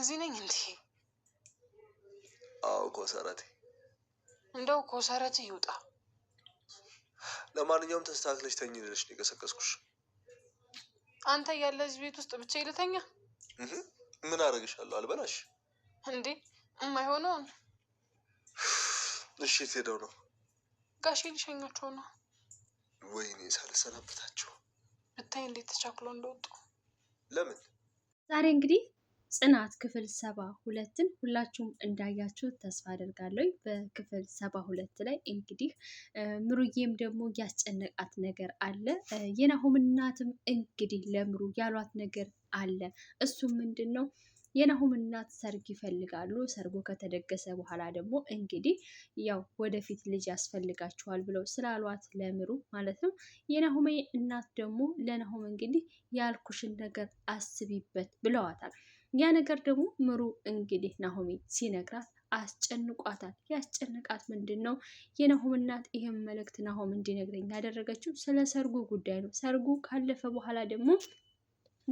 ከዚህ ነኝ እንዴ? አዎ ኮሰረቴ፣ እንደው ኮሰረቴ ይውጣ። ለማንኛውም ተስተካክለሽ ተኝ ልልሽ ነው የቀሰቀስኩሽ። አንተ ያለ እዚህ ቤት ውስጥ ብቻ ይልተኛ ምን አደርግሻለሁ? አልበላሽ እንዴ? የማይሆነውን እሺ። ሄደው ነው? ጋሼ ሊሸኛቸው ነው። ወይኔ ሳልሰናበታቸው ብታይ እንዴት ተቻክሎ እንደወጡ። ለምን ዛሬ እንግዲህ ጽናት ክፍል ሰባ ሁለትን ሁላችሁም እንዳያችሁ ተስፋ አደርጋለሁ። በክፍል ሰባ ሁለት ላይ እንግዲህ ምሩዬም ደግሞ ያስጨነቃት ነገር አለ። የናሆም እናትም እንግዲህ ለምሩ ያሏት ነገር አለ። እሱም ምንድን ነው? የናሆም እናት ሰርግ ይፈልጋሉ። ሰርጎ ከተደገሰ በኋላ ደግሞ እንግዲህ ያው ወደፊት ልጅ ያስፈልጋችኋል ብለው ስላሏት ለምሩ ማለት ነው። የናሆም እናት ደግሞ ለናሆም እንግዲህ ያልኩሽን ነገር አስቢበት ብለዋታል። ያ ነገር ደግሞ ምሩ እንግዲህ ናሆሚ ሲነግራት አስጨንቋታል። ያስጨንቃት ምንድን ነው? የናሆም እናት ይህም መልእክት ናሆም እንዲነግረኝ ያደረገችው ስለ ሰርጉ ጉዳይ ነው። ሰርጉ ካለፈ በኋላ ደግሞ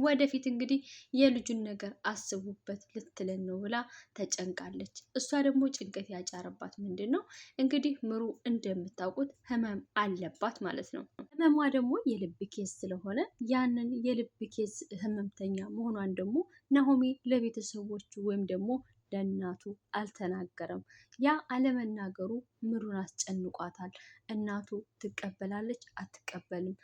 ወደፊት እንግዲህ የልጁን ነገር አስቡበት ልትለን ነው ብላ ተጨንቃለች። እሷ ደግሞ ጭንቀት ያጫረባት ምንድን ነው እንግዲህ ምሩ እንደምታውቁት ህመም አለባት ማለት ነው። ህመሟ ደግሞ የልብ ኬዝ ስለሆነ ያንን የልብ ኬዝ ህመምተኛ መሆኗን ደግሞ ናሆሜ ለቤተሰቦቹ ወይም ደግሞ ለእናቱ አልተናገረም። ያ አለመናገሩ ምሩን አስጨንቋታል። እናቱ ትቀበላለች አትቀበልም?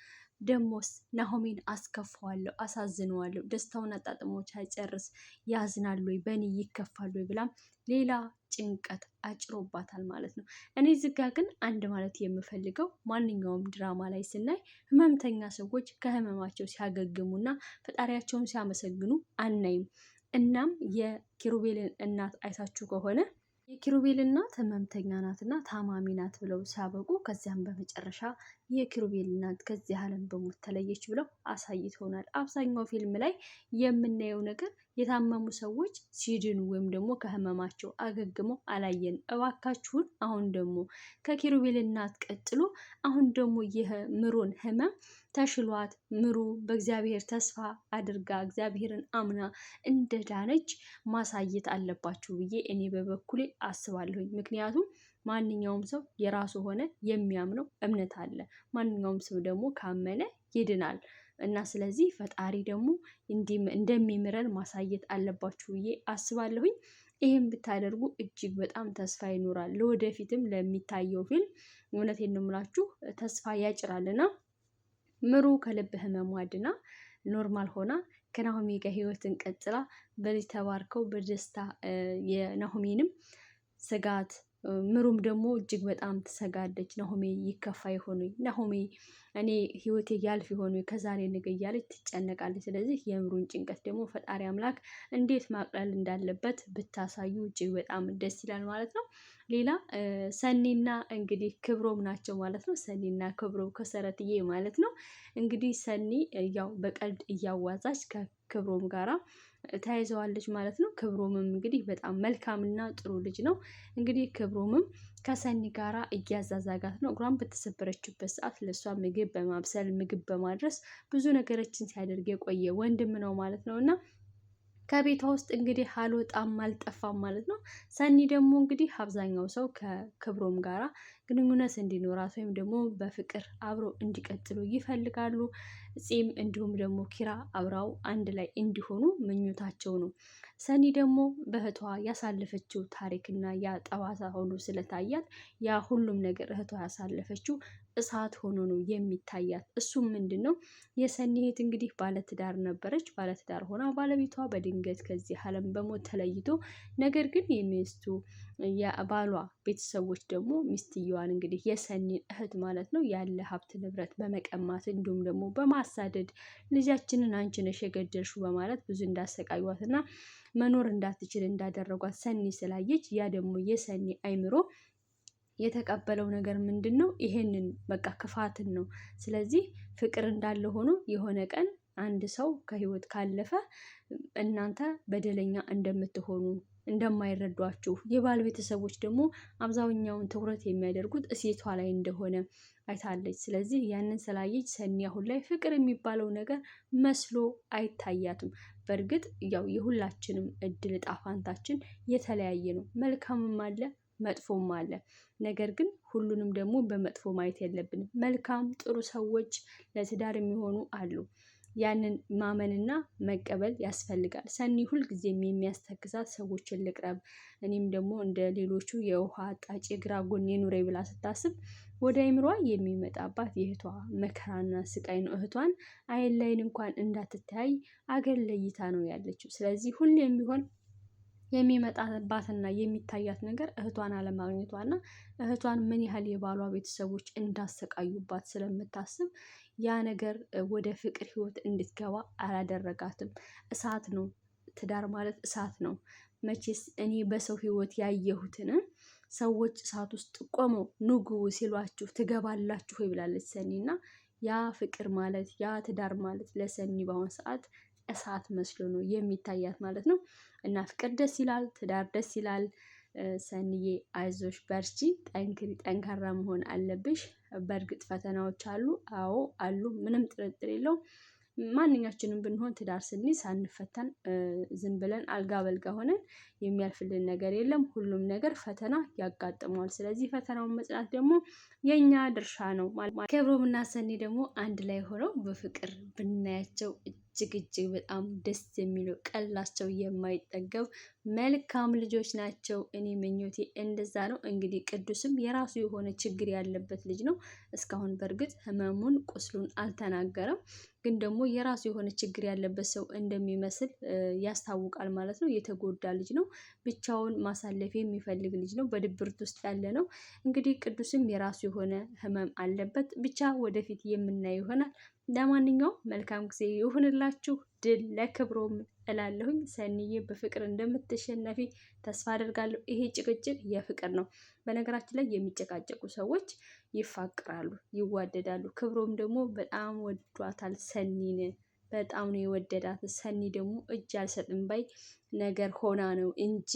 ደሞስ ናሆሜን አስከፋዋለሁ፣ አሳዝነዋለሁ፣ ደስታውን አጣጥሞች አይጨርስ ያዝናል ወይ በእኔ ይከፋል ወይ ብላም ሌላ ጭንቀት አጭሮባታል ማለት ነው። እኔ ዝጋ ግን አንድ ማለት የምፈልገው ማንኛውም ድራማ ላይ ስናይ ህመምተኛ ሰዎች ከህመማቸው ሲያገግሙና ፈጣሪያቸውን ሲያመሰግኑ አናይም። እናም የኪሩቤልን እናት አይታችሁ ከሆነ የኪሩቤል እናት ህመምተኛ ናትና ታማሚ ናት ብለው ሲያበቁ ከዚያም በመጨረሻ የኪሩቤል እናት ከዚህ ዓለም በሞት ተለየች ብለው አሳይተውናል። አብዛኛው ፊልም ላይ የምናየው ነገር የታመሙ ሰዎች ሲድኑ ወይም ደግሞ ከህመማቸው አገግመው አላየን። እባካችሁን አሁን ደግሞ ከኪሩቤል እናት ቀጥሎ አሁን ደግሞ ምሩን ህመም ተሽሏት ምሩ በእግዚአብሔር ተስፋ አድርጋ እግዚአብሔርን አምና እንደዳነች ማሳየት አለባችሁ ብዬ እኔ በበኩሌ አስባለሁኝ። ምክንያቱም ማንኛውም ሰው የራሱ ሆነ የሚያምነው እምነት አለ። ማንኛውም ሰው ደግሞ ካመነ ይድናል። እና ስለዚህ ፈጣሪ ደግሞ እንደሚምረን ማሳየት አለባችሁ ብዬ አስባለሁኝ። ይህም ብታደርጉ እጅግ በጣም ተስፋ ይኖራል ለወደፊትም ለሚታየው ፊልም እውነቴን ነው የምላችሁ ተስፋ ያጭራልና። ምሩ ከልብ ህመሟ ድና ኖርማል ሆና ከናሆሚ ጋር ህይወትን ቀጥላ በልጅ ተባርከው በደስታ የናሆሚንም ስጋት ምሩም ደግሞ እጅግ በጣም ትሰጋለች። ናሆሜ ይከፋ ይሆን ናሆሜ እኔ ህይወቴ ያልፍ ይሆን ከዛሬ ነገ እያለች ትጨነቃለች። ስለዚህ የምሩን ጭንቀት ደግሞ ፈጣሪ አምላክ እንዴት ማቅለል እንዳለበት ብታሳዩ እጅግ በጣም ደስ ይላል ማለት ነው። ሌላ ሰኒና እንግዲህ ክብሮም ናቸው ማለት ነው። ሰኒና ክብሮም ከሰረትዬ ማለት ነው። እንግዲህ ሰኒ ያው በቀልድ እያዋዛች ከክብሮም ጋራ ተያይዘዋለች ማለት ነው። ክብሮምም እንግዲህ በጣም መልካምና ጥሩ ልጅ ነው። እንግዲህ ክብሮምም ከሰኒ ጋራ እያዛዛጋት ነው። እግሯን በተሰበረችበት ሰዓት ለእሷ ምግብ በማብሰል ምግብ በማድረስ ብዙ ነገሮችን ሲያደርግ የቆየ ወንድም ነው ማለት ነው እና ከቤቷ ውስጥ እንግዲህ አልወጣም አልጠፋም ማለት ነው። ሰኒ ደግሞ እንግዲህ አብዛኛው ሰው ከክብሮም ጋራ ግንኙነት እንዲኖራት ወይም ደግሞ በፍቅር አብሮ እንዲቀጥሉ ይፈልጋሉ። ጺም እንዲሁም ደግሞ ኪራ አብራው አንድ ላይ እንዲሆኑ ምኞታቸው ነው። ሰኒ ደግሞ በእህቷ ያሳለፈችው ታሪክና ያ ጠባሳ ሆኖ ስለታያት ያ ሁሉም ነገር እህቷ ያሳለፈችው እሳት ሆኖ ነው የሚታያት። እሱም ምንድን ነው የሰኒ እህት እንግዲህ ባለትዳር ነበረች። ባለትዳር ሆና ባለቤቷ በድ ድንገት ከዚህ ዓለም በሞት ተለይቶ ነገር ግን የሚስቱ የባሏ ቤተሰቦች ደግሞ ሚስትየዋን እንግዲህ የሰኒን እህት ማለት ነው ያለ ሀብት ንብረት በመቀማት እንዲሁም ደግሞ በማሳደድ ልጃችንን አንቺ ነሽ የገደልሽው በማለት ብዙ እንዳሰቃዩትና መኖር እንዳትችል እንዳደረጓት ሰኒ ስላየች ያ ደግሞ የሰኒ አይምሮ የተቀበለው ነገር ምንድን ነው? ይሄንን በቃ ክፋትን ነው። ስለዚህ ፍቅር እንዳለ ሆኖ የሆነ ቀን አንድ ሰው ከህይወት ካለፈ እናንተ በደለኛ እንደምትሆኑ እንደማይረዷችሁ የባል ቤተሰቦች ደግሞ አብዛኛውን ትኩረት የሚያደርጉት እሴቷ ላይ እንደሆነ አይታለች። ስለዚህ ያንን ስላየች ሰኒ አሁን ላይ ፍቅር የሚባለው ነገር መስሎ አይታያትም። በእርግጥ ያው የሁላችንም እድል ጣፋንታችን የተለያየ ነው። መልካምም አለ መጥፎም አለ። ነገር ግን ሁሉንም ደግሞ በመጥፎ ማየት የለብንም። መልካም ጥሩ ሰዎች ለትዳር የሚሆኑ አሉ። ያንን ማመንና መቀበል ያስፈልጋል። ሰኒ ሁልጊዜም የሚያስተግዛት ሰዎችን ልቅረብ እኔም ደግሞ እንደ ሌሎቹ የውሃ አጣጭ የግራ ጎን የኑሬ ብላ ስታስብ ወደ አይምሯ የሚመጣባት የእህቷ መከራና ስቃይ ነው። እህቷን አይን ላይን እንኳን እንዳትተያይ አገር ለይታ ነው ያለችው። ስለዚህ ሁሌም ቢሆን የሚመጣባትና የሚታያት ነገር እህቷን አለማግኘቷና እህቷን ምን ያህል የባሏ ቤተሰቦች እንዳሰቃዩባት ስለምታስብ ያ ነገር ወደ ፍቅር ህይወት እንድትገባ አላደረጋትም። እሳት ነው ትዳር ማለት እሳት ነው። መቼስ እኔ በሰው ህይወት ያየሁትን ሰዎች እሳት ውስጥ ቆመው ንጉ ሲሏችሁ ትገባላችሁ ይብላለች ብላለች ሰኒ እና ያ ፍቅር ማለት ያ ትዳር ማለት ለሰኒ በአሁን ሰዓት እሳት መስሎ ነው የሚታያት ማለት ነው። እና ፍቅር ደስ ይላል፣ ትዳር ደስ ይላል። ሰኒዬ አይዞሽ በርቺ፣ ጠንክሪ፣ ጠንካራ መሆን አለብሽ። በእርግጥ ፈተናዎች አሉ። አዎ አሉ ምንም ጥርጥር የለው። ማንኛችንም ብንሆን ትዳር ስንይዝ ሳንፈተን ዝም ብለን አልጋ በልጋ ሆነን የሚያልፍልን ነገር የለም። ሁሉም ነገር ፈተና ያጋጥመዋል። ስለዚህ ፈተናውን መጽናት ደግሞ የእኛ ድርሻ ነው። ክብሮምና ሰኒ ደግሞ አንድ ላይ ሆነው በፍቅር ብናያቸው እጅግ እጅግ በጣም ደስ የሚለው ቀላቸው የማይጠገብ መልካም ልጆች ናቸው። እኔ ምኞቴ እንደዛ ነው። እንግዲህ ቅዱስም የራሱ የሆነ ችግር ያለበት ልጅ ነው። እስካሁን በእርግጥ ሕመሙን ቁስሉን አልተናገረም፣ ግን ደግሞ የራሱ የሆነ ችግር ያለበት ሰው እንደሚመስል ያስታውቃል ማለት ነው። የተጎዳ ልጅ ነው። ብቻውን ማሳለፍ የሚፈልግ ልጅ ነው። በድብርት ውስጥ ያለ ነው። እንግዲህ ቅዱስም የራሱ የሆነ ህመም አለበት። ብቻ ወደፊት የምናየው ይሆናል። ለማንኛውም መልካም ጊዜ ይሁንላችሁ። ድል ለክብሮም እላለሁኝ። ሰኒዬ በፍቅር እንደምትሸነፊ ተስፋ አደርጋለሁ። ይሄ ጭቅጭቅ የፍቅር ነው። በነገራችን ላይ የሚጨቃጨቁ ሰዎች ይፋቅራሉ፣ ይዋደዳሉ። ክብሮም ደግሞ በጣም ወዷታል ሰኒን። በጣም ነው የወደዳት። ሰኒ ደግሞ እጅ አልሰጥም ባይ ነገር ሆና ነው እንጂ